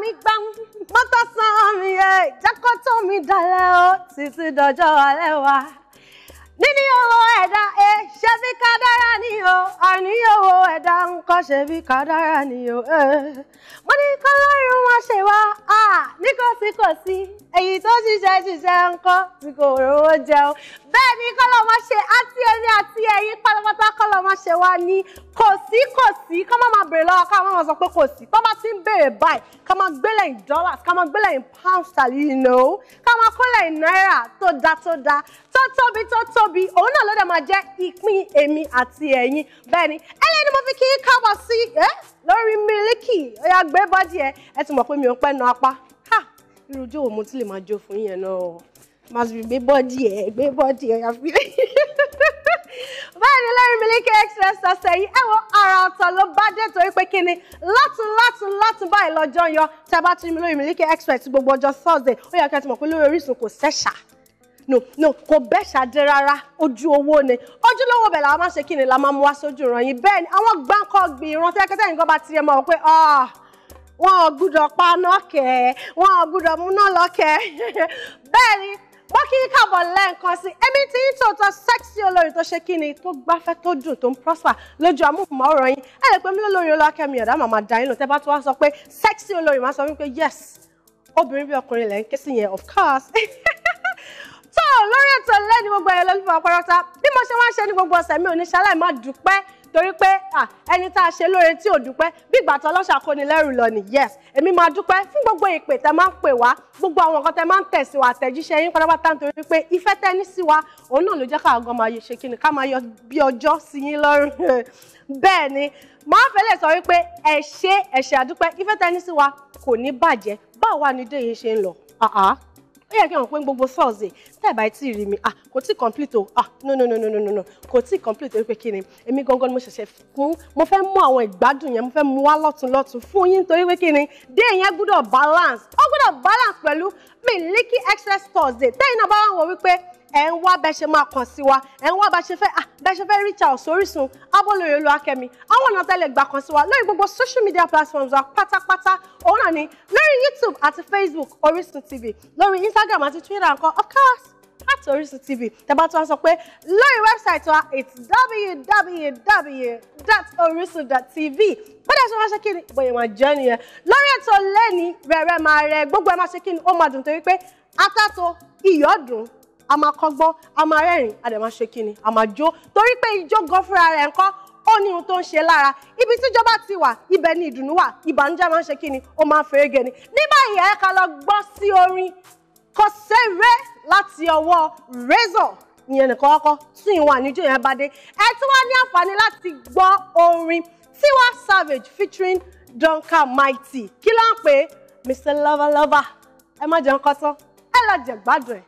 mi gbọ́n mọ́tò san mi ẹ̀ jákọ́tò mi dalẹ̀ o títí dọjọ́ alẹ́ wa. níní owó ẹ̀dá ẹ e, ṣe bí kádàrá ni o àní owó ẹ̀dá nǹkan ṣe bí kádàrá ni o. E. mo ní kọ́lọ́run wọn ṣe wá ní kò sí kò sí èyí tó ṣiṣẹ́ ṣiṣẹ́ ńkọ́ tí kò rówó jẹun bẹ́ẹ̀ ni kọ́lọ́ wọn ṣe àti èmi àti ẹ̀yin pátápátá kọ́lọ́ wọn ṣe wá ní kò sí kò sí ká má máa béèrè lọ́wọ́ ká má máa sọ pé kò sí tó bá ti ń béèrè báyìí ká máa gbélẹ̀ in dollars ká máa gbélẹ̀ in pounds tàbí you know ká máa kólẹ̀ in náírà tó da tó da tó tóbi tó tóbi òun náà ló dẹ̀ máa jẹ́ ìpín èmi àti ẹ̀yin bẹ́ẹ̀ ni ẹlẹ́yìn ni mo fi kí kábọ̀ sí ẹ́ lórí Miliki ó yá gbé bọ́dì ẹ ẹ ti mọ̀ pé mi ò pẹ́ nu apá ha irú ojú òun mo ti lè máa jó fún yẹn náà màá sì gbé bọ́dì ẹ gbé bọ́dì ẹ yà fi lẹ́yìn báyìí ni lórí Miliki Express ọ̀sẹ̀ yìí ẹ wo ara ọ̀tọ̀ ló bá dé torí pé kíni látún látún látún báyìí lọ́jọ́ yan tẹ́ bá tún mi lórí Miliki Express gbogbo ọjọ́ Thursday ó yẹ kí ẹ ti mọ̀ pé lórí Orísun kò sẹ́ṣà no no kò bẹ́ẹ̀ ṣàdé rárá ojú owó ni ojúlówó bẹ̀ làwọn máa ṣe kíni la máa mú wá sójú ìran yìí bẹ́ẹ̀ ni àwọn gbáǹkọ́ gbìn ìran tẹ́kẹ́tẹ́ nǹkan bá ti ẹ̀ mọ̀ pé ah wọn ò gbúdọ̀ paná kẹ́ wọn ò gbúdọ̀ múná lọ́kẹ́ bẹ́ẹ̀ bó kí ní káàbọ̀ lẹ́ẹ̀kan sí ẹbí tí yín tòótọ́ sẹ́ksì olórin tó ṣe kíni tó gbáfẹ́ tó dùn tó ń prọ́sà lójú amóhùnmáwòrán yín ẹ lè pè mí lólórin Ọlákẹ́mi Ọ̀dà màmá dayín lò tẹ́ bá tún wá sọ pé sẹ́ksì olórin máa sọ wípé yes obìnrin bí ọkùnrin lẹ́ ń ké sí yẹn of course tó lórí ètò lẹ́ni gbogbo ẹ̀yẹ lọ́lùfọ̀ apárátá bí mo ṣe wá ń ṣe ní gbogbo ọ̀sẹ̀ mi ò ní ṣaláì má dúpẹ́ torí pé ẹni tá a ṣe lóore tí ò dúpẹ́ bí ìgbà tó ọlọ́ṣà kó ni lẹ́rù lọ ni yes èmi máa dúpẹ́ fún gbogbo ìpè tẹ máa ń pè wá gbogbo àwọn nǹkan tẹ máa ń tẹ̀sí wa àtẹ̀jíṣẹ́ yín pátápátá nítorí pé ìfẹ́ tẹ ní sí wa òun náà ló jẹ́ ká àgọ́ máa yẹ ṣe kí ni ká máa yọ bí ọjọ́ sí yín lọ́rùn bẹ́ẹ̀ ni máa fẹ́ lè sọ wípé ẹ ṣé àdúpẹ́ ìfẹ́ tẹ sí wa kò ní bàjẹ́ báwa ni déyìí ṣe ń lọ ó yẹ kí wọn pé gbogbo thursday tẹ́ ẹ̀ ti rí mi ah kò tí complete o ah no no no no no no kò tí complete o wípé kí ni èmi gangan ni mo ṣẹ̀ṣẹ̀ fún mo fẹ́ mú àwọn ìgbádùn yẹn mo fẹ́ mú wá lọ́tún lọ́tún fún yín torí pé kí ni day yẹn gbúdọ̀ balance ó gbúdọ̀ balance pẹ̀lú Miliki Express thursday tẹ́yìn náà bá wà wọ́n wípé ẹ ń wá bẹ ṣe máa kàn sí wa ẹ ń wá bẹ ṣe fẹ́ bẹ ṣe fẹ́ reach out sórísun abọ́lóye olúwakẹ́mi àwọn ọ̀nà tẹ́lẹ̀ gbà kàn sí wa lórí gbogbo social media platforms wa pátápátá òun náà ni youtube àti facebook orísun tv lórí instagram àti twitter nǹkan of course at orísun tv tẹ́bá tí wọ́n sọ pé lórí wẹ́bsáìtì wa it's www.orisun.tv bọ́dẹ̀ tí wọ́n ṣe kí ni bóyá wọn jẹ́ nìyẹn lórí ètò lẹ́ni rẹ̀rẹ̀ máa rẹ gbogbo ẹ̀ máa ṣe kí ni ó máa dùn torí pé atáto iyọ̀ dùn a máa kọ́gbọ́n a máa rẹ́rìn-ín a dẹ̀ máa ṣe kí ni a máa jó torí pé ijó gan fúnra rẹ̀ ńkọ́ ó ní ohun tó ń ṣe lára ibi tíjọba ti wà ibẹ̀ ni ìdùnnú wà ìbànújẹ́ máa ń ṣe kí ni ó máa ń ferege ni ní báyìí ẹ ká lọ gbọ́ sí orin kọsẹ́rẹ́ láti ọwọ́ Razor ìyẹn nìkan kọ́kọ́ tí ìwọ̀n àníjó yẹn bá dé ẹ tún wá ní àǹfààní láti gbọ́ orin Tiwa Savage featuring Duncan Mighty kí ló ń pè é Mr Lover Lover ẹ má jẹun kọ́tán ẹ lọ jẹ gbádùn ẹ.